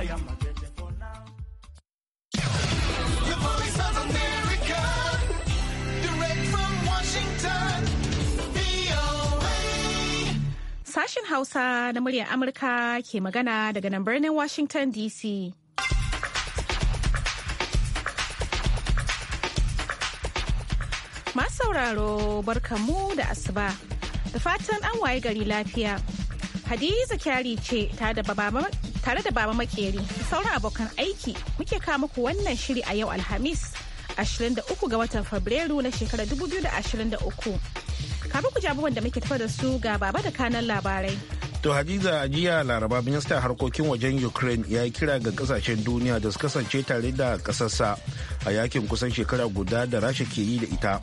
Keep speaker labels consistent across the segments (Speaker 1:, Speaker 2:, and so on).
Speaker 1: Sashen
Speaker 2: Hausa na muryar Amurka ke magana daga nan birnin Washington DC. Masu sauraro barkamu da asuba da fatan an waye gari lafiya. Hadiza kyari ce ta da tare da Baba Makeri sauran abokan aiki muke kama ku wannan shiri a yau Alhamis 23 ga watan Fabrairu na shekarar 2023. Kafin ku ji abubuwan da muke tafa da su ga Baba da kanan labarai.
Speaker 3: To Hadiza jiya Laraba ministan harkokin wajen Ukraine ya yi kira ga kasashen duniya da su kasance tare da kasarsa a yakin kusan shekara guda da Rasha ke yi da ita.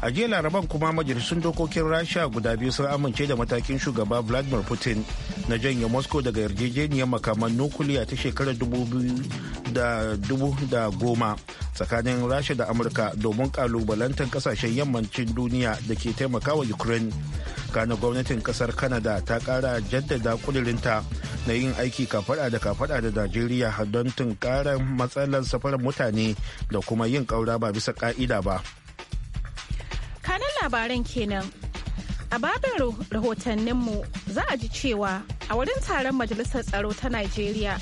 Speaker 3: a jiya laraban kuma majalisun dokokin rasha guda biyu sun amince da matakin shugaba vladimir putin na janye moscow daga yarjejeniyar makaman nukuliya ta shekarar goma tsakanin rasha da amurka domin kalubalantar kasashen yammacin duniya da ke taimakawa ukraine kana gwamnatin kasar canada ta kara jaddada kudirinta na yin aiki kafada da kafada da najeriya don tunkarar matsalar safarar mutane da kuma yin kaura ba bisa ka'ida ba
Speaker 2: labaran kenan. A babin rahotanninmu za a ji cewa a wurin taron Majalisar Tsaro ta Najeriya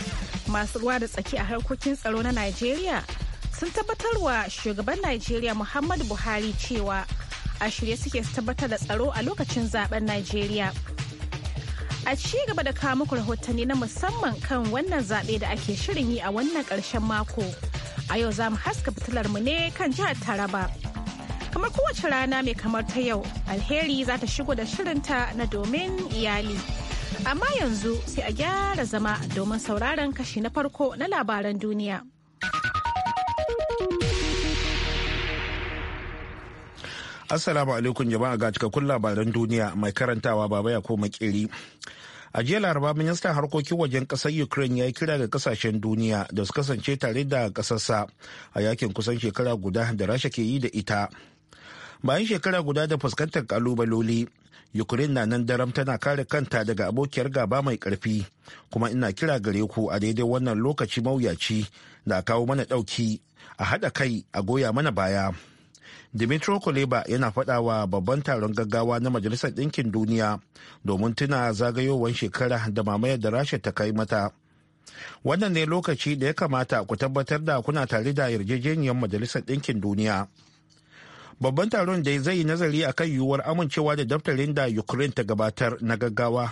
Speaker 2: masu ruwa da tsaki a harkokin tsaro na Najeriya sun tabbatar wa shugaban Najeriya Muhammadu Buhari cewa a shirye suke su tabbatar da tsaro a lokacin zaben Najeriya. A ci gaba da kawo muku rahotanni na musamman kan wannan zaɓe da ake shirin yi a wannan ƙarshen mako. A yau za mu haska fitilar mu ne kan jihar Taraba. kamar kowace rana mai kamar ta yau alheri za ta shigo da shirinta na domin iyali amma yanzu sai a gyara zama domin sauraron kashi na farko na labaran duniya
Speaker 3: assalamu alaikum jama'a ga cikakkun labaran duniya mai karantawa baba ya koma kiri a jiya laraba ministan harkokin wajen kasar ukraine ya yi kira ga kasashen duniya da su kasance tare da kasarsa a yakin kusan shekara guda da rasha ke yi da ita bayan shekara guda da fuskantar kalubaloli ukraine na nan daram tana kare kanta daga abokiyar gaba mai karfi kuma ina kira gare ku a daidai wannan lokaci mawuyaci da a kawo mana dauki a haɗa kai a goya mana baya dimitro kuleba yana faɗawa babban taron gaggawa na majalisar ɗinkin duniya domin tuna zagayowar shekara da mamayar da rasha ta kai mata wannan ne lokaci da ya kamata ku tabbatar da kuna tare da yarjejeniyar majalisar ɗinkin duniya babban taron da zai yi nazari a kan yiwuwar amincewa da daftarin da ukraine ta gabatar na gaggawa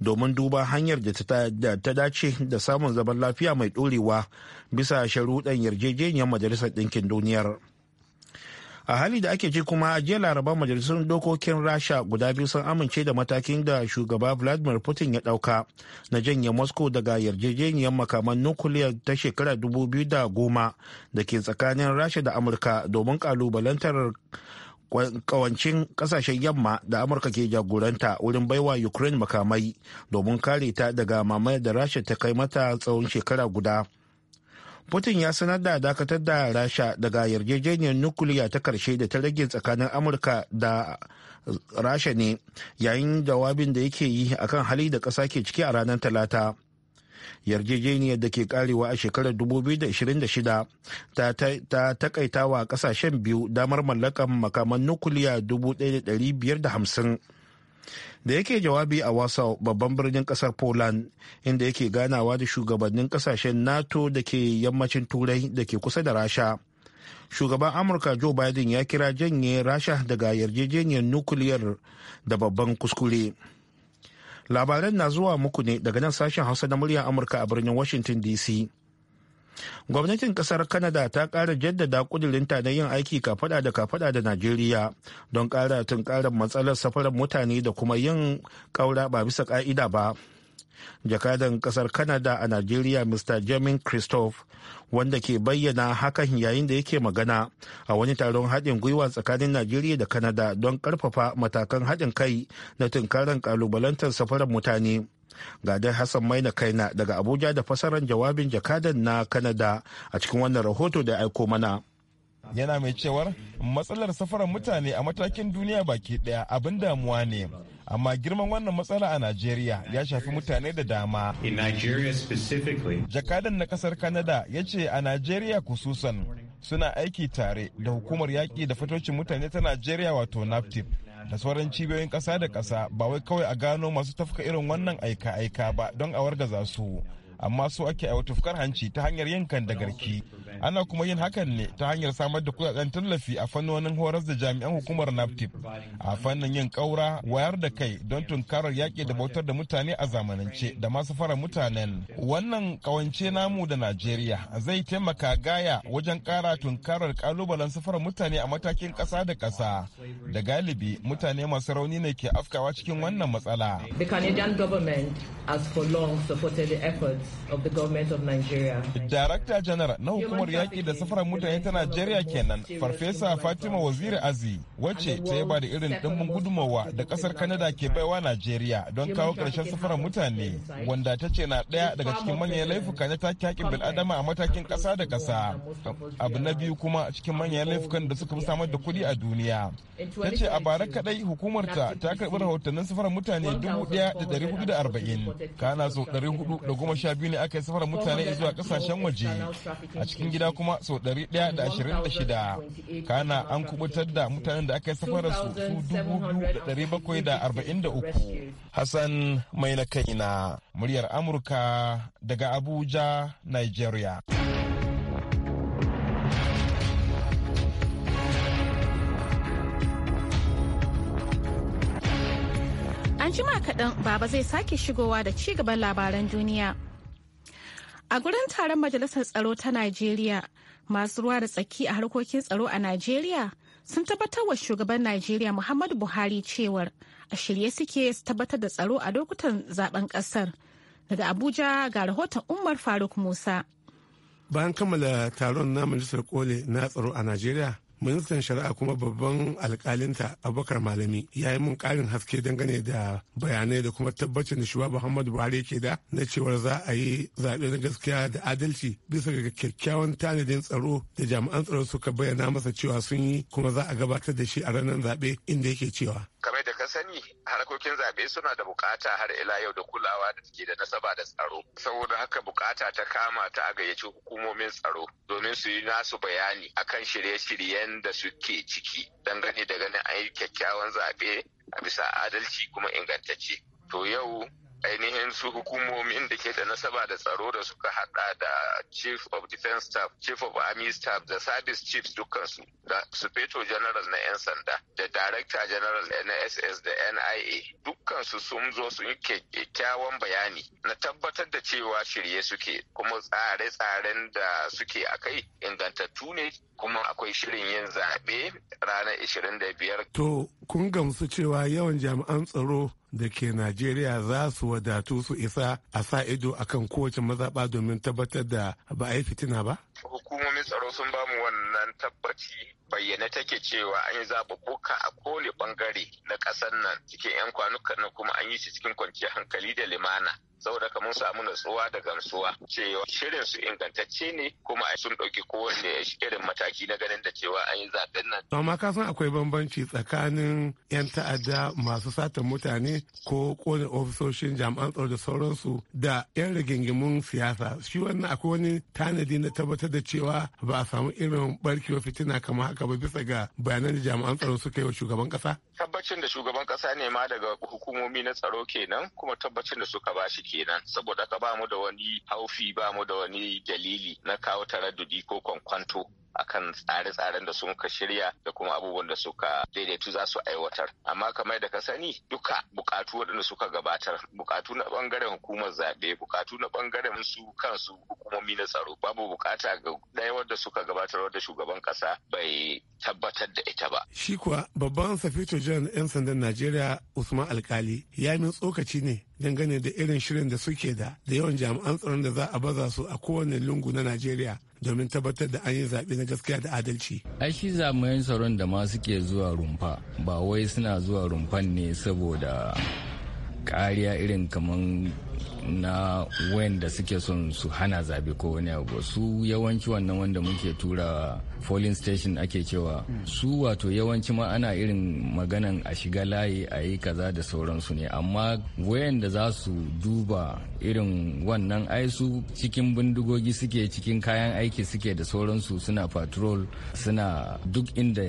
Speaker 3: domin duba hanyar da ta dace da samun zaman lafiya mai dorewa bisa sharuɗan yarjejeniyar majalisar ɗinkin duniyar. a hali da ake ci kuma a jiya laraba majalisar dokokin rasha guda biyu sun amince da matakin da shugaba vladimir putin ya dauka na janye moscow daga yarjejeniyar makaman nukuliyar ta shekara 2010 da ke tsakanin rasha da amurka domin kalubalantar kawancin kasashen yamma da amurka ke jagoranta wurin baiwa ukraine makamai domin kare ta daga mamayar da rasha ta kai mata tsawon shekara guda Putin ya sanar da dakatar da Rasha daga yarjejeniyar nukuliya ta karshe da ta rage tsakanin Amurka da Rasha ne yayin jawabin da yake yi akan hali da ƙasa ke ciki a ranar Talata. Yarjejeniyar da ke karewa a shekarar 2026 ta takaita wa ƙasashen biyu damar mallakan makaman nukuliya 1,550. da yake jawabi a wasau babban birnin kasar poland inda yake ganawa da shugabannin kasashen nato da ke yammacin turai da ke kusa da rasha shugaban amurka joe biden ya kira janye rasha daga yarjejeniyar nukuliyar da babban kuskure labaran na zuwa muku ne daga nan sashen hausa na muryar amurka a birnin washington dc gwamnatin kasar canada ta kara jaddada kudurinta na yin aiki kafada da kafada da najeriya don kara tunkarar matsalar safarar mutane da kuma yin kaura ba bisa ka'ida ba jakadan kasar canada a najeriya mr jamin christoph wanda ke bayyana hakan yayin da yake magana a wani taron haɗin gwiwa tsakanin najeriya da Kanada don ƙarfafa matakan haɗin kai na tunkarar ƙalubalantar safarar mutane ga dai Hassan Maina Kaina daga Abuja da fasaran jawabin jakadan na Kanada a cikin wannan rahoto da aiko mana.
Speaker 4: Yana mai cewar matsalar safarar mutane a matakin duniya baki daya abin damuwa ne. amma girman wannan matsala a Najeriya ya shafi mutane da dama. Jakadan na kasar kanada ya ce a Najeriya kususan suna aiki tare da hukumar yaƙi da fitocin mutane ta Najeriya wato NAFTIP. da sauran cibiyoyin ƙasa da ƙasa ba wai kawai a gano masu tafka irin wannan aika-aika ba don a wargaza su amma so ake aiwata fukar hanci ta hanyar yin garki ana kuma yin hakan ne ta hanyar samar da kudaden tallafi a fannonin horar da jami'an hukumar naftif a fannin yin kaura wayar da kai don tunkarar yaƙi da bautar da mutane a zamanance da masu fara mutanen wannan kawance namu da najeriya zai taimaka gaya wajen ƙara tunkarar kalubalen safarar mutane a matakin kasa da ƙasa da galibi mutane masu rauni ne ke afkawa cikin wannan matsala. The Canadian
Speaker 5: government has for long supported the efforts of the government of Nigeria.
Speaker 4: Director General na hukumar yaƙi da safarar mutane ta Najeriya kenan, Farfesa Fatima Waziri Azi, wacce ta yaba da irin ɗimbin gudunmawa da ƙasar Canada ke baiwa Najeriya don kawo ƙarshen safarar mutane, wanda ta ce na ɗaya daga cikin manyan laifuka na take haƙƙin bil'adama a matakin kasa da kasa Abu na biyu kuma cikin manyan laifukan da suka fi samar da kuɗi a duniya. Ta ce a bara kaɗai hukumarta ta karɓi rahotannin safarar mutane dubu ɗaya da ɗari hudu da arba'in, kana so ɗari hudu da goma sha biyu ne aka yi safarar mutane zuwa kasashen waje a cikin gida kuma sau ɗari ɗaya da ashirin da shida kana an kubutar da mutanen da aka yi safarar su su
Speaker 3: dubu biyu da ɗari
Speaker 4: bakwai da arba'in da
Speaker 3: uku
Speaker 4: hassan mai na kaina muryar amurka daga abuja nigeria.
Speaker 2: anjima kaɗan baba zai sake shigowa da ci gaban labaran duniya A gurin taron Majalisar Tsaro ta Najeriya, masu ruwa da tsaki a harkokin tsaro a Najeriya sun tabbatar wa shugaban Najeriya Muhammadu Buhari cewar a shirye suke su tabbatar da tsaro a lokutan zaben kasar. Daga Abuja ga rahoton Umar Faruk Musa.
Speaker 6: Bayan kammala taron na Majalisar Kole na tsaro a Najeriya, ministan shari'a kuma babban alkalinta abubakar malami ya yi mun karin haske dangane da bayanai da kuma tabbacin da shugaba muhammadu buhari ke da na cewar za a yi zaɓe na gaskiya da adalci bisa ga kyakkyawan tanadin tsaro da jami'an tsaro suka bayyana masa cewa sun yi kuma za a gabatar da shi a ranar zaɓe inda yake cewa
Speaker 7: ka sani harkokin zaɓe suna da bukata har ila yau da kulawa da take da nasaba da tsaro saboda haka bukata ta kama ta a gayyaci hukumomin tsaro domin su yi nasu bayani akan shirye-shiryen da suke ciki dangane da ganin ayi kyakkyawan zaɓe a bisa adalci kuma ingantacce to yau ainihin su hukumomin da ke da nasaba da tsaro da suka hada da chief of defense staff chief of army staff da service chiefs dukkansu da supeto general na 'yan sanda da director general na ss da nia dukkansu sun zo sun yi kyakkyawan bayani na tabbatar da cewa shirye suke kuma tsare-tsaren da suke a kai ingantattu ne kuma akwai shirin yin zaɓe ranar 25
Speaker 6: to kun gamsu cewa yawan jami'an tsaro da ke najeriya za su wadatu su isa a sa ido akan kowace mazaɓa domin tabbatar da ba a yi fitina ba
Speaker 4: hukumomin tsaro sun ba mu wannan tabbaci
Speaker 7: bayyane take cewa an yi zaɓuɓɓuka a kowane bangare na ƙasar nan cikin 'yan kwanuka na kuma an yi shi cikin kwanciyar hankali da limana saboda kamun samu natsuwa da gamsuwa cewa shirin su ingantacce ne kuma sun ɗauki kowanne irin mataki na ganin da cewa an yi zaɓen nan.
Speaker 6: amma ka san akwai bambanci tsakanin 'yan ta'adda masu sata mutane ko kone ofisoshin jami'an tsaro da sauransu da 'yan rigingimun siyasa shi wannan akwai wani tanadi na tabbatar tabbatar da cewa ba a samu irin barkewar fitina kamar haka ba bisa ga bayanan da jami'an tsaron suka yi wa shugaban kasa?
Speaker 7: tabbacin da shugaban kasa ne ma daga hukumomi na tsaro kenan kuma tabbacin da suka bashi kenan saboda ka ba mu da wani haufi ba mu da wani dalili na kawo taraddudi ko kwankwanto akan tsare-tsaren da suka shirya da kuma abubuwan da suka daidaitu za su aiwatar amma kamar da ka sani duka bukatu waɗanda suka gabatar bukatu na bangaren hukumar zaɓe bukatu na bangaren su kansu hukumomi na tsaro babu bukata ga ɗaya wadda suka gabatar wadda shugaban ƙasa bai tabbatar da ita ba
Speaker 6: shi kuwa babban safito jiran 'yan sandan najeriya usman alkali ya min tsokaci ne dangane da irin shirin da suke da da yawan jami'an tsaron da za a baza su a kowane lungu na najeriya domin tabbatar da an yi zaɓe na gaskiya da adalci.
Speaker 8: ai shi zamayin tsaron da ma suke zuwa rumfa ba wai suna zuwa rumfan ne saboda kariya irin kamar na wanda suke son su hana zabe ko wani abu su yawanci wannan wanda muke tura polling station ake cewa su wato yawanci ma ana irin maganan a shiga layi a yi kaza da sauransu ne amma wayanda za su duba irin wannan ai su cikin bindigogi suke cikin kayan aiki suke da sauransu suna patrol suna duk inda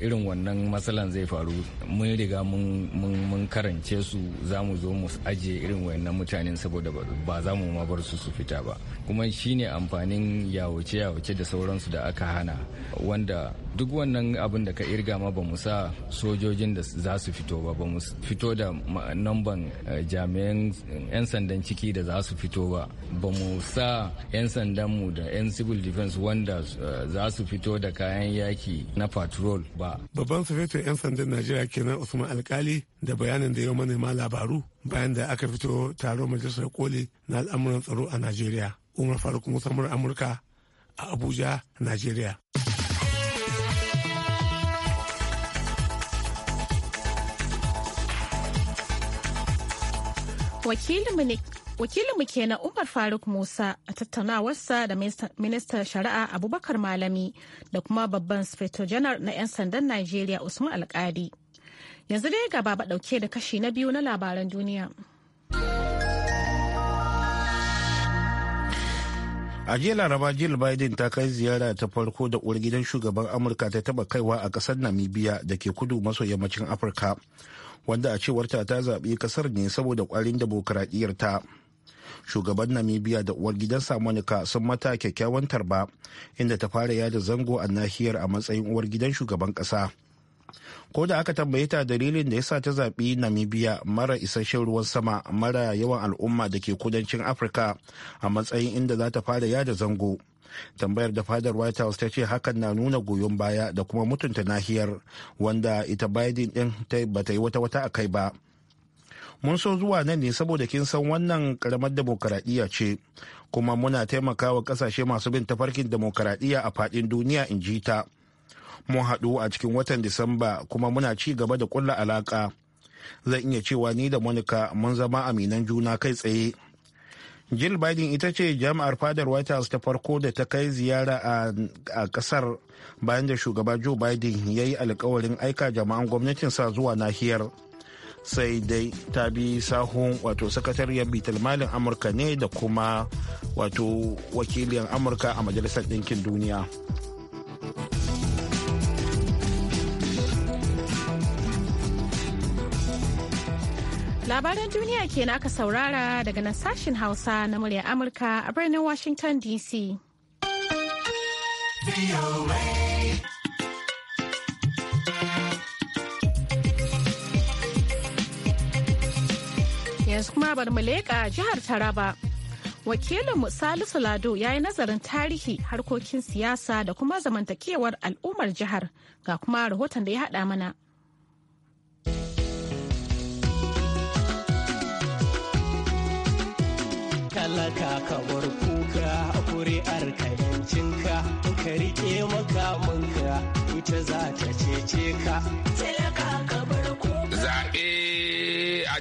Speaker 8: irin wannan matsalan zai faru mun riga mun karance su za mu zo mu ajiye irin wayannan mutane ganin saboda ba za mu ma bar su su fita ba kuma shine amfanin yawace yawace da sauransu da aka hana wanda duk wannan abin da ka irga ma ba mu sa sojojin da za su fito ba ba fito da namban eh, jami'an 'yan sandan ciki da za su fito ba ba mu sa 'yan sandanmu da 'yan civil defense wanda eh, za su fito da kayan yaki na patrol ba
Speaker 6: babban sufeto 'yan sandan najeriya kenan usman alkali da bayanin da yau manema labaru bayan da aka fito taron majalisar koli na al'amuran tsaro a najeriya umar faruk musamman amurka a abuja najeriya
Speaker 2: wakilinmu kenan umar faruk musa a tattaunawarsa da ministan shari'a abubakar malami da kuma babban sfeto janar na 'yan sandan najeriya usman alkadi Yanzu dai ga baba ɗauke da kashi na biyu na labaran duniya.
Speaker 3: a jiya laraba jill biden ta kai ziyara ta farko da uwar gidan shugaban amurka ta taba kaiwa a kasar namibia da ke kudu maso yammacin afirka wanda a cewarta ta zaɓi kasar ne saboda ƙwarin ta shugaban namibia da uwar gidan monica sun mata kyakkyawan tarba inda ta fara yada zango a nahiyar a matsayin uwar gidan shugaban ƙasa ko da aka tambaye ta dalilin da ya sa ta zaɓi namibia mara isasshen ruwan sama mara yawan al'umma da ke kudancin afirka a matsayin inda za ta fara yada zango tambayar da fadar white house ta ce hakan na nuna goyon baya da kuma mutunta nahiyar wanda ita biden din ta yi wata wata a kai ba mun so zuwa nan ne saboda kin san wannan karamar demokaradiyya ce kuma muna taimakawa kasashe masu bin tafarkin demokaradiyya a fadin duniya in ji ta mun haɗu a cikin watan disamba kuma muna ci gaba da ƙulla alaƙa zan iya cewa ni da monica mun zama aminan juna kai tsaye jill biden ita ce jami'ar fadar white house ta farko da ta kai ziyara a kasar bayan da shugaba joe biden ya yi alkawarin aika jama'an sa zuwa nahiyar sai dai ta bi sahun wato sakatariyar bitar amurka ne da kuma wato wakiliyar amurka a majalisar ɗinkin duniya
Speaker 2: Labaran duniya ke aka saurara daga nan sashen Hausa na murya Amurka a birnin Washington DC. Yanzu kuma bar mu leƙa jihar Taraba. Wakilin Salisu Lado ya yi nazarin tarihi harkokin siyasa da kuma zamantakewar al'ummar jihar ga kuma rahoton da ya haɗa mana.
Speaker 9: talaka ka bar
Speaker 1: kuka a ka yancinka ka rike makamanka
Speaker 10: ita za ta cece ka talaka
Speaker 11: ka bar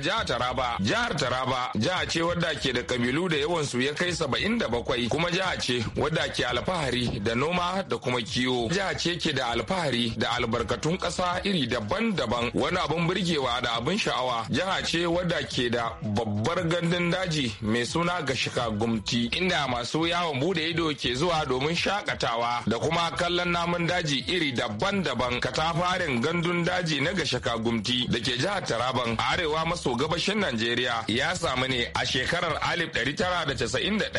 Speaker 11: jihar Taraba. Jihar Taraba jiha ce wadda ke da kabilu da yawan su ya kai saba'in da bakwai kuma jiha ce wadda ke alfahari da noma da kuma kiwo. Jiha ce ke da alfahari da albarkatun ƙasa iri daban-daban wani abin burgewa da abin sha'awa. Jiha ce wadda ke da babbar gandun daji mai suna Gashika Gumti inda masu yawon bude ido ke zuwa domin shakatawa da kuma kallon namun daji iri daban-daban katafarin gandun daji na Gashika Gumti da ke jihar Taraban arewa maso maso gabashin Najeriya ya samu ne a shekarar 1991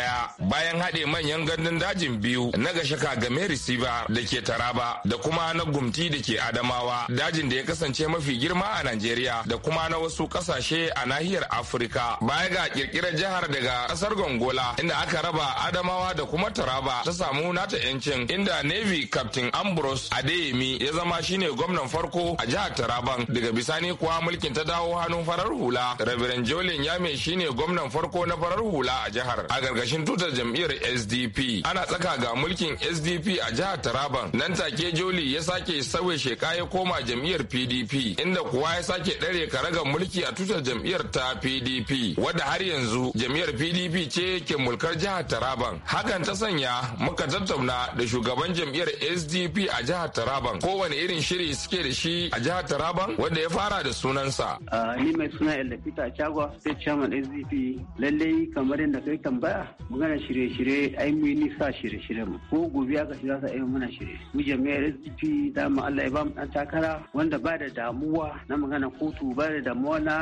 Speaker 11: bayan haɗe manyan gandun dajin biyu na gashaka game receiver da ke Taraba da kuma na gumti da ke Adamawa dajin da ya kasance mafi girma a Najeriya da kuma na wasu ƙasashe a nahiyar Afirka baya ga ƙirƙirar jihar daga ƙasar Gongola inda aka raba Adamawa da kuma Taraba ta samu nata 'yancin inda Navy Captain Ambrose Adeyemi ya zama shine gwamnan farko a jihar Taraban daga bisani kuwa mulkin ta dawo hannun farar hula reverend jolin yame shine gwamnan farko na farar hula a jihar a gargashin tutar jam'iyyar sdp ana tsaka ga mulkin sdp a jihar taraban nan take joli ya sake sauye sheka ya koma jam'iyyar pdp inda kuwa ya sake ka karagar mulki a tutar jam'iyyar ta pdp wadda har yanzu jam'iyyar pdp ce ke mulkar jihar taraban hakan ta sanya muka tattauna da shugaban jam'iyyar sdp a jihar taraban kowane irin shiri suke da shi a jihar taraban wanda ya fara da sunansa
Speaker 1: ah, ni
Speaker 10: mai suna magana El Lafita Chagwa sai chairman SDP lallai kamar yadda kai tambaya magana shirye-shirye ai mu yi sa shirye-shirye mu ko gobe aka shiga sa ai muna shirye mu jami'ar SDP da mu Allah ya ba mu dan takara wanda ba da damuwa na magana kotu ba da damuwa na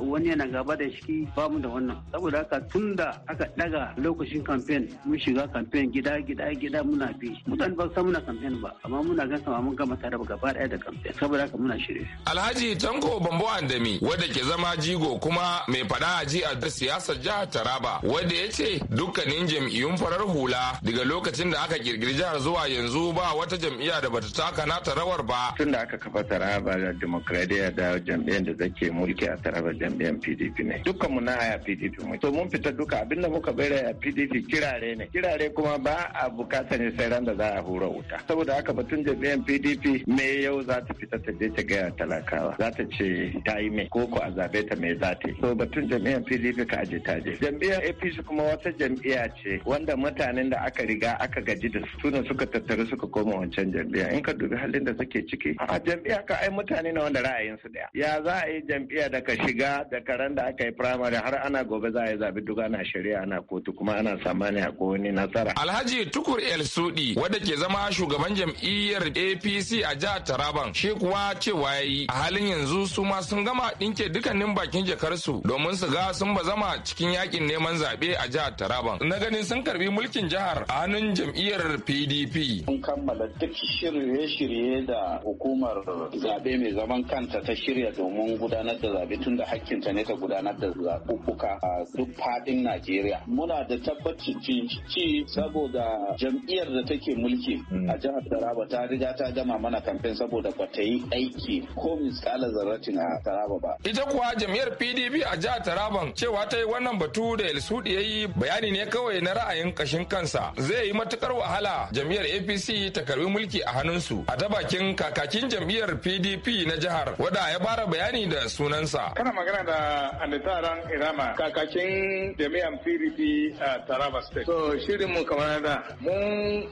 Speaker 10: wani yana gaba da shi ba mu da wannan saboda haka tunda aka daga lokacin campaign mun shiga campaign gida gida gida muna bi mutane ba san muna campaign ba amma muna ga sama mun gama tare gaba daya da campaign saboda haka muna shirye
Speaker 11: Alhaji Tanko Bambo Andami wanda ke zama zama jigo kuma mai faɗa a ji a siyasar jihar Taraba wanda ya ce dukkanin jam'iyyun farar hula daga lokacin da aka kirkiri jihar zuwa yanzu ba wata jam'iyya da bata taka nata rawar ba.
Speaker 7: Tun da aka kafa Taraba da demokradiyya da jam'iyyar da take mulki a Taraba jam'iyyar PDP ne. Dukkan mu na haya PDP mu. To mun fita duka abinda muka bayar a PDP kirare ne. Kirare kuma ba a bukatar ne sai ran da za a hura wuta. Saboda haka batun jam'iyyar PDP me yau za ta fita ta je ta gaya talakawa. Za ta ce ta yi me ko ko a zabe ta mai za so batun jam'iyyar pdp ka aje ta je jam'iyyar apc kuma wata jam'iyya ce wanda mutanen da aka riga aka gaji da su ne suka tattaru suka koma wancan jam'iyya in ka dubi halin da
Speaker 10: suke ciki
Speaker 7: a jam'iyya ka ai mutane ne wanda ra'ayin su daya ya za a yi jam'iyya da ka shiga da karan da aka yi primary har ana gobe za a yi zabi duk ana shari'a ana kotu kuma ana samani a
Speaker 11: wani nasara. Alhaji Tukur El Sudi wanda ke zama shugaban jam'iyyar APC a jihar Taraban shi kuwa cewa yayi a halin yanzu su ma sun gama ɗinke dukkanin cikin bakin jakarsu domin su ga sun ba zama cikin yakin neman zaɓe a jihar Taraba Na ganin sun karbi
Speaker 3: mulkin jihar a hannun jam'iyyar PDP. Mun kammala duk shirye-shirye da hukumar zaɓe mai zaman kanta ta shirya domin gudanar da zaɓe tunda da hakkinta ne ta gudanar da zaɓuɓɓuka a duk faɗin Najeriya. Muna da tabbaci ci
Speaker 7: saboda jam'iyyar da take mulki a jihar Taraba ta riga ta gama mana kamfen saboda ba ta yi aiki ko misalar zarratin a Taraba ba.
Speaker 11: Ita kuwa jam'iyyar pdp a jihar taraban cewa ta yi wannan batu da elsudi ya yi bayani ne kawai na ra'ayin kashin kansa zai yi matukar wahala jam'iyyar apc ta karbi mulki a hannunsu a ta bakin kakakin jam'iyyar pdp na jihar wadda ya fara bayani da sunansa
Speaker 4: kana magana da anitaran irama kakakin jami'an pdp a taraba state so shirin mu kamar da mun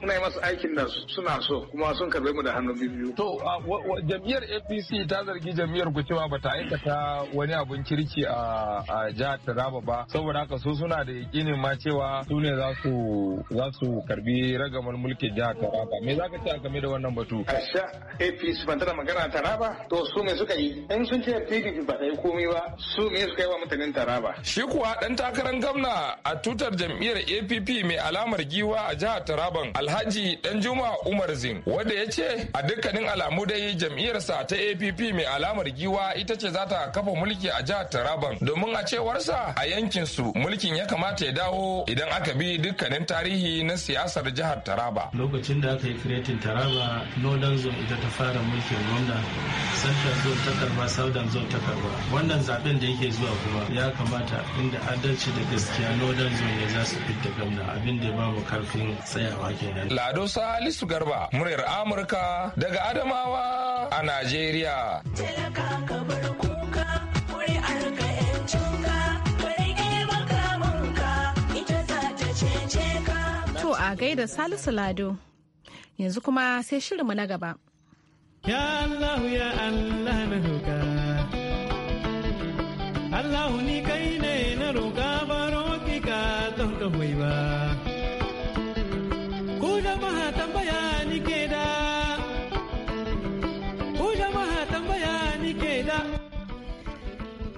Speaker 4: muna yi masa aikin da suna so kuma sun karbe mu da hannu biyu
Speaker 11: to jam'iyyar apc ta zargi jam'iyyar ku cewa bata aikata wani wani abun kirki a jihar Taraba ba saboda haka su suna da yakinin ma cewa su ne za su za su karbi ragamar mulkin jihar Taraba me zaka ce game da wannan batu kasha
Speaker 4: APC ban tana magana Taraba to su me suka yi in sun ce PDP ba ta yi komai ba su me suka yi wa mutanen Taraba
Speaker 11: shi kuwa dan takarar gwamna a tutar jam'iyyar APP mai alamar giwa a jihar Taraban Alhaji Danjuma Umar Zin wanda ya ce a dukkanin alamu dai jam'iyyarsa ta APP mai alamar giwa ita ce za ta kafa mulki mulki a jihar Taraban domin a cewarsa a yankin su mulkin ya kamata ya dawo idan aka bi dukkanin tarihi na siyasar jihar Taraba.
Speaker 8: Lokacin da aka yi kiretin Taraba, Northern Zone ita ta
Speaker 11: fara mulkin gwamna, Central Zone ta karba, Southern Zone ta karba. Wannan zaben da yake zuwa kuma ya kamata inda adalci da gaskiya Northern Zone ya za su fitta gwamna abin da babu karfin tsayawa kenan. Lado Salisu Garba, muryar Amurka daga
Speaker 5: Adamawa
Speaker 11: a Najeriya.
Speaker 5: Talaka
Speaker 2: gaida Salisu Lado. Yanzu kuma sai shirinmu na gaba.
Speaker 4: Ya Allah ya Allah na roƙa. Allah ni kai ne na roƙa baro ki ka don ka ba.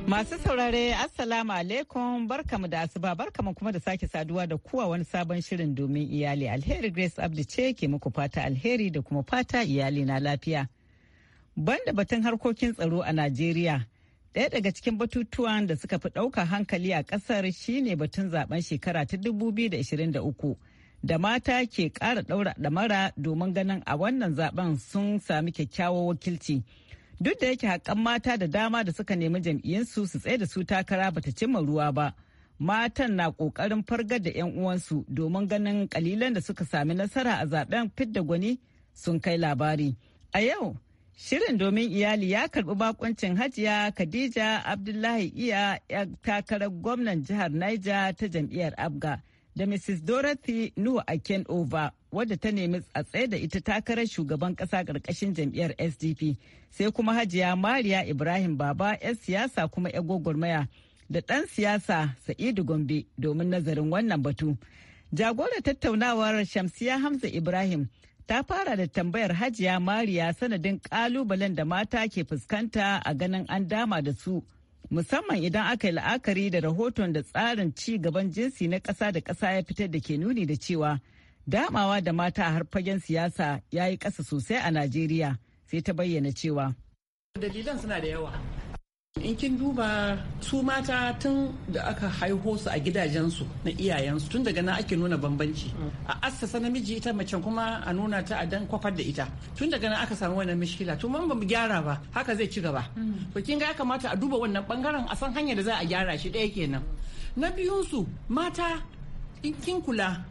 Speaker 9: Masu saurare Assalamu alaikum barkamu da asuba barkamu kuma da sake saduwa da kuwa wani sabon shirin domin iyali alheri Grace Abdi ce ke muku fata alheri da kuma fata iyali na lafiya. Banda batun harkokin tsaro a Najeriya ɗaya daga cikin batutuwan da suka fi ɗauka hankali a ƙasar shine batun zaben shekara ta 2023 da mata ke ƙara ɗaura ɗamara domin ganin a wannan zaben sun sami kyakkyawan wakilci. duk da yake haƙƙan mata da dama da suka nemi jam'iyunsu su tsaye da su takara bata cimma ruwa ba matan na ƙoƙarin fargar da 'yan uwansu domin ganin ƙalilan da suka sami nasara a zaben fidda gwani sun kai labari a yau shirin domin iyali ya karɓi bakuncin hajiya khadija abdullahi iya takarar gwamnan jihar niger ta jam'iyyar abga da Mrs. Dorothy Nuwa Aken Over wadda ta nemi a tsaye da ita takarar shugaban kasa karkashin jam'iyyar SDP sai kuma Hajiya Mariya Ibrahim Baba yar siyasa kuma ya gwagwarmaya da ɗan siyasa Sa'idu Gombe domin nazarin wannan batu. Jagorar tattaunawar Shamsiya Hamza Ibrahim ta fara da tambayar Hajiya Mariya sanadin ƙalubalen da mata ke fuskanta a ganin an dama da su. musamman idan aka yi la'akari da rahoton da tsarin ci gaban jinsi na ƙasa da ƙasa ya fitar da ke nuni da cewa damawa da mata a harfagen siyasa ya yi ƙasa sosai a najeriya sai ta bayyana cewa
Speaker 1: dalilan suna da yawa in kin duba su mata tun da aka haiho su a gidajensu na iyayensu tun daga na ake nuna bambanci a assasa namiji ita mace kuma a nuna ta a dan kwafar da ita tun daga na aka samu wannan mishkila tun ban bamu gyara ba haka zai ci gaba mm. to kin ga ya kamata a duba wannan bangaren a san hanyar da za a gyara shi ɗaya kenan na biyun su mata in kin kula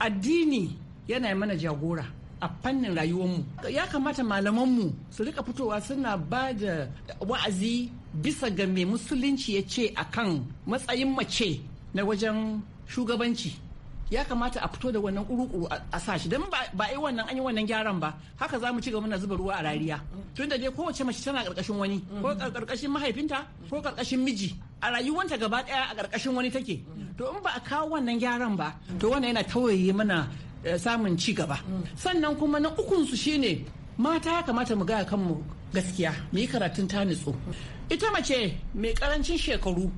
Speaker 1: addini yana mana jagora a fannin rayuwar mu ya kamata malaman mu su rika fitowa suna ba da wa'azi bisa ga mai musulunci ya ce akan matsayin mace na wajen shugabanci ya kamata a fito da wannan kuru-kuru a sashi don ba yi wannan an yi wannan gyaran ba haka za mu ci gaba na zuba ruwa a rariya tun da dai kowace mace tana karkashin wani ko karkashin mahaifinta ko karkashin miji a rayuwanta gaba daya a karkashin wani take to in ba a kawo wannan gyaran ba to wannan yana tawaye mana eh, samun ci gaba sannan kuma na ukun su shine mata ya kamata mu gaya kanmu gaskiya mu yi karatun ta nutsu ita mace mai karancin shekaru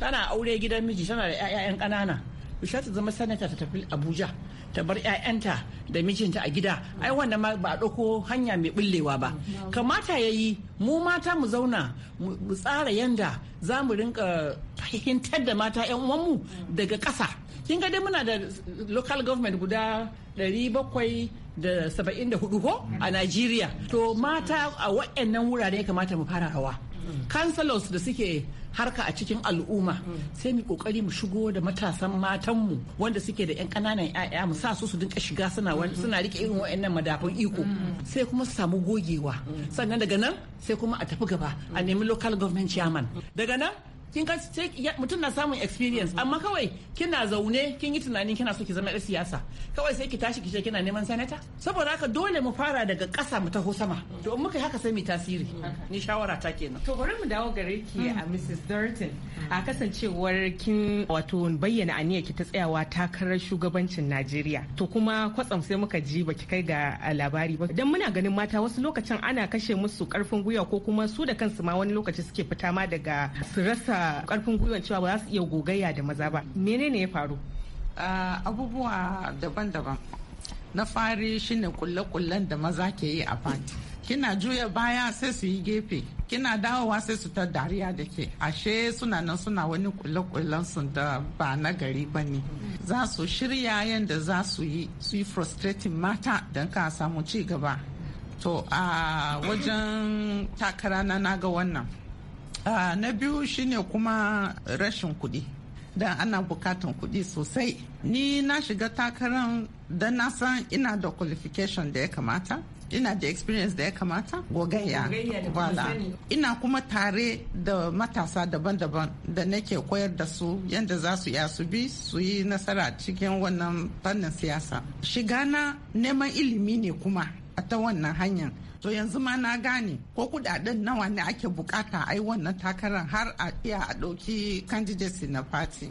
Speaker 1: tana aure gidan miji tana da 'ya'yan ƙanana za zama sanata ta tafi abuja ta bar 'ya'yanta da mijinta a gida ai wanda ma ba a ɗauko hanya mai ɓullewa ba kamata ya yi mu mata mu zauna mu tsara yanda za mu rinka fahimtar da mata 'yan uwanmu daga ƙasa kin ga dai muna da local government guda hudu ko a Najeriya to mata a waɗannan wurare kamata mu fara rawa councilors da suke harka a cikin al'umma sai mu kokari mu shigo da matasan matanmu wanda suke da yan kananan yaya mu sa su su dinka shiga suna suna rike irin wayannan madafun iko sai kuma su samu gogewa sannan daga nan sai kuma a tafi gaba a nemi local government chairman daga nan kin ga mutum na samun experience mhm. amma kawai kina zaune kin yi tunanin kina so ki zama yar siyasa kawai sai ki tashi ki kina neman sanata saboda haka dole mu fara daga ƙasa mu taho sama mhm. to in muka haka sai mu tasiri ni shawara ta kenan to bari mu dawo gare ki mhm. a Mrs. Durton
Speaker 5: a kasancewar kin wato bayyana aniyar ki ta tsayawa takarar shugabancin Najeriya to kuma kwatsam sai muka ji baki kai ga labari ba dan muna ganin mata wasu lokacin ana kashe musu karfin gwiwa ko kuma su da kansu ma wani lokaci suke fita ma daga su rasa karfin gwiwan cewa ba za su iya gogayya da maza ba menene ya faru
Speaker 10: abubuwa daban-daban na fari shine kulle-kullen da maza ke yi a fati kina juya baya sai su yi gefe kina dawowa sai su ta dariya da ke ashe suna nan suna wani kulle-kullen su da ba na gari ba ne za su shirya yadda za su yi su yi frustrating mata don ka samu ci gaba to a wajen takara na naga wannan na biyu shine kuma rashin kuɗi da ana bukatan kuɗi sosai ni na shiga takarar da na san ina da qualification da ya kamata ina da experience da ya kamata gogayya wala ina kuma tare da matasa daban-daban da nake koyar da su yadda za su ya su bi su yi nasara cikin wannan fannin siyasa shiga na neman ilimi ne kuma a ta wannan hanyar to yanzu ma na gane ko kudaden nawa ne ake bukata ai wannan takarar har a iya a ɗauki candidacy na party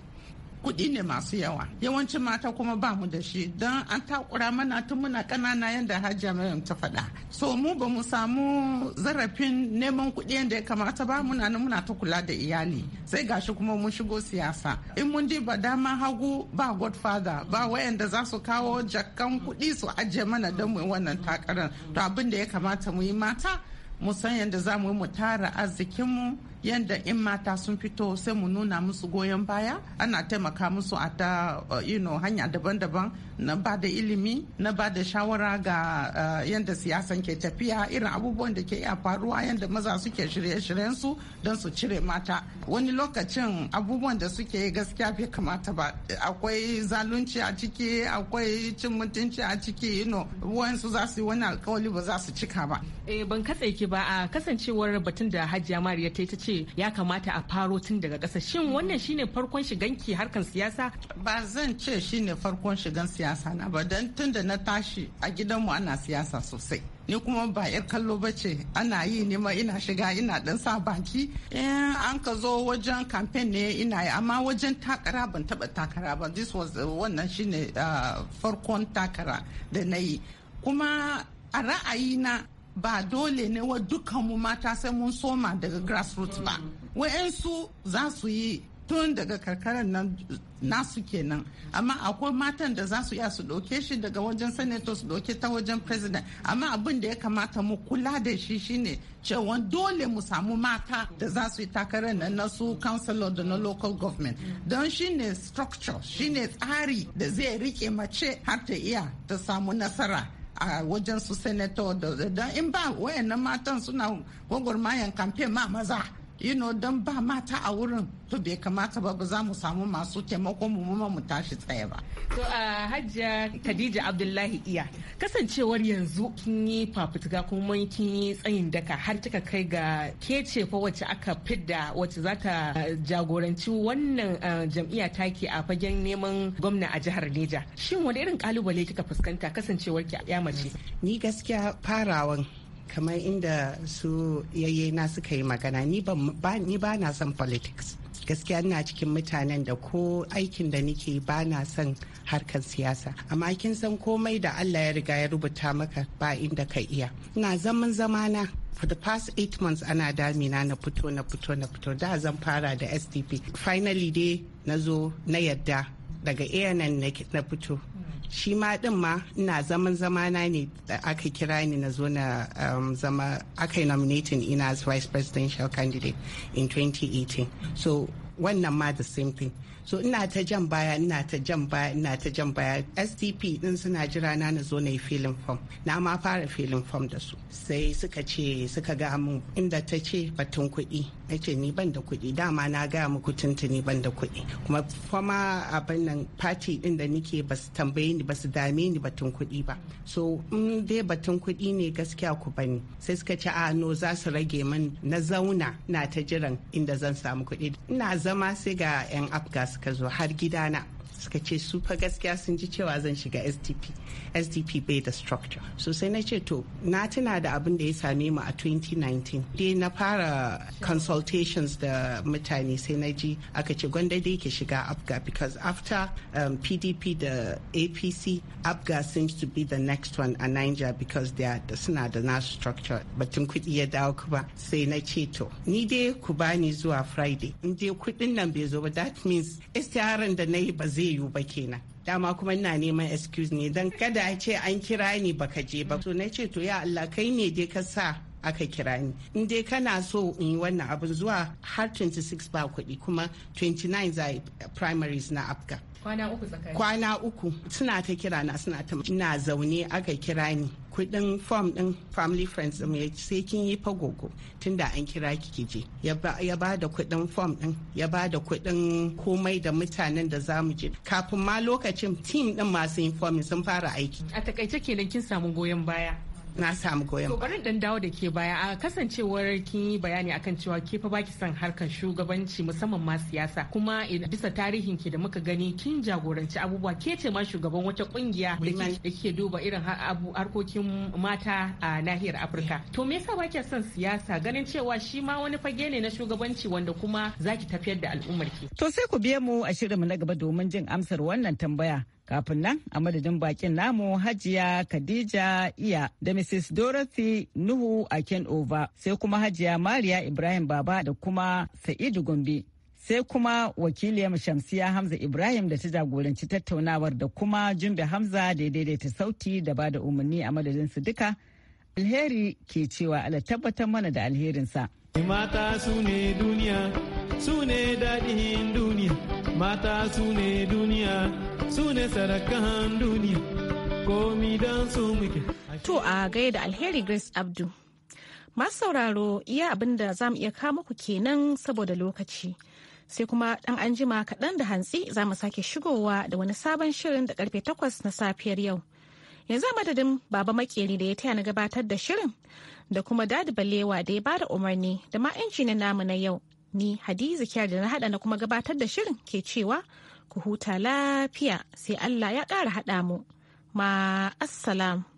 Speaker 10: kuɗi ne masu yawa yawancin mata kuma ba mu da shi don an takura mana tun muna ƙanana yadda hajiya maryam ta faɗa so mu ba mu samu zarafin neman kuɗi yadda ya kamata ba muna nan muna ta kula da iyali sai gashi kuma mun shigo siyasa in mun ba dama hagu ba godfather ba wayanda za su kawo jakan kuɗi su ajiye mana don mu wannan takarar to abin da ya kamata mu yi mata mu san yadda za mu yi mu tara arzikinmu yadda 'yan mata sun fito sai mu nuna musu goyon baya ana taimaka musu a ta uh, hanya daban-daban na ba da ilimi na ba da shawara ga eh, yadda siyasan ke tafiya irin abubuwan da ke iya faruwa yadda maza suke shirye-shiryen su don su cire mata wani lokacin abubuwan da suke gaskiya bai kamata ba akwai zalunci a ciki akwai cin mutunci a ciki ino wayansu za su yi wani alkawali ba za su cika ba
Speaker 5: eh ban katse ki ba a kasancewar batun da hajiya mariya ta ta ce ya kamata a faro tun daga ƙasa
Speaker 10: shin wannan shine farkon shiganki harkan siyasa ba zan ce shine farkon shigan siyasa siyasa na ba don tun da na tashi a gidanmu ana siyasa sosai ni kuma ba yar kallo ba ce ana yi ne ma ina shiga ina dan sa baki in an ka zo wajen campaign ne ina yi amma wajen takara ban taba takara ba this was uh, wannan shine uh, farkon takara da na yi kuma a ra'ayi na ba dole ne wa dukkanmu mata sai mun soma daga grassroots ba mm. wa'yansu za su yi tun daga karkarar nan nasu kenan amma akwai matan da za su iya su ɗauke shi daga wajen senator su ɗauke ta wajen president amma abin da ya kamata mu kula da shi shine cewa dole mu samu mata da za su yi takarar nan na su councilor da na local government don shine structure shine tsari da zai rike mace har ta iya ta samu nasara a wajen su senator da in ba wayannan matan suna gwagwarmayan kamfe ma maza Yi don ba mata a wurin to bai kamata ba ba za mu samu masu taimako mu mu tashi tsaye ba
Speaker 5: to a hajja khadija abdullahi iya kasancewar yanzu kin yi fafutuka kuma kin yi tsayin daka har kika kai ga kece fa wacce aka fidda wacce za ta jagoranci wannan jam'iyya take a fagen neman gwamna a jihar Neja shin wani irin kalubale kika fuskanta kasancewar ki ya mace ni gaskiya farawan kamar
Speaker 12: inda su yayye na suka yi magana ni ba na son politics gaskiya ina cikin mutanen da ko aikin da nike ba na son harkar siyasa amma kin san komai da allah ya riga ya rubuta maka ba inda ka iya
Speaker 5: ina zaman zamana
Speaker 12: for the past eight months ana damina na fito na fito na fito da zan fara da sdp finally dai na zo na yadda daga anan na fito shi ma din ma ina zaman zamana ne da aka kira ni na zo na um, zama aka yi nominating ina as vice presidential candidate in 2018 so wannan ma the same thing so ina ta jan baya ina ta jan baya ina ta jan baya sdp din suna jira na na zo na yi filin fom na ma fara filin fom da su sai suka ce suka ga mu inda ta ce batun kuɗi na ce ni ban da kuɗi dama na gaya muku tuntuni ban da kuɗi kuma fama abin nan fati din da nike ba su tambaye ni ba su dame ni batun kuɗi ba so in dai batun kuɗi ne gaskiya ku bani sai suka ce a ah, no za su rage min na zauna na ta jiran inda zan samu kuɗi ina zama sai ga yan afgas suka zo har gidana suka ce su fa gaskiya sun ji cewa zan shiga sdp sdp bai da structure so sai na ce to na tuna da abin da ya same mu a 2019 dai na fara consultations da mutane sai na ji aka ce gwanda dai ke shiga abga because after um, pdp da apc abga seems to be the next one a niger because they are suna da na structure batun kuɗi ya dawo kuma sai na ce to ni dai ku bani zuwa friday in dai kuɗin nan bai zo ba that means STR da na yi ba zai yiwu ba kenan dama kuma ina neman excuse ne don kada a ce an kira ni baka je ba to na ce to ya Allah kai ne dai ka sa aka kira ni in dai kana so in yi wannan abin zuwa har 26 ba kuɗi kuma 29 za primaries na afka kwana uku suna ta kira na suna ta ina zaune aka kira ni kudin form din family friends din ya sai kin yi fagogo tunda an kira ki je ya ba da kudin form din ya ba da kudin komai da mutanen da za mu je kafin ma lokacin team din masu informi sun fara
Speaker 5: aiki a takaice kenan kin samu goyon baya
Speaker 12: na samu goyon ba.
Speaker 5: bari dan dawo da ke baya a kasancewar kin yi bayani akan cewa ke fa baki son harkar shugabanci musamman ma siyasa kuma bisa tarihin ki da muka gani kin jagoranci abubuwa ke ce ma shugaban wata kungiya da ke duba irin harkokin mata a nahiyar Afirka to me yasa baki son siyasa ganin cewa shi ma wani fage ne na shugabanci wanda kuma zaki tafiyar da al'ummar
Speaker 9: ki to sai ku biye mu a shirinmu na gaba domin jin amsar wannan tambaya Kafin nan a madadin bakin namu Hajiya Khadija Iya da Mrs. Dorothy Nuhu a ova sai kuma Hajiya Mariya Ibrahim Baba da kuma Sa'idu Gombe. Sai kuma wakiliyar Shamsiya Hamza Ibrahim da ta jagoranci tattaunawar da kuma Jumbe Hamza da daidaita sauti da ba da umarni a madadin su duka. Alheri ke cewa ala tabbatar mana da alherinsa.
Speaker 4: Mata su ne duniya sune ne daɗin duniya mata su ne duniya su ne sarakan duniya komi don su muke
Speaker 2: to a gaida alheri grace abdu masu sauraro iya abin da za mu iya kawo muku kenan saboda lokaci sai kuma dan an jima kaɗan da hantsi za mu sake shigowa da wani sabon shirin da karfe takwas na safiyar yau yanzu a madadin baba makeri da ya taya na gabatar da shirin da kuma dadi balewa da ya bada umarni da ma na namu na yau Ni Hadiza kyar da na hada na kuma gabatar da shirin ke cewa ku huta lafiya sai Allah ya kara hada mu. Ma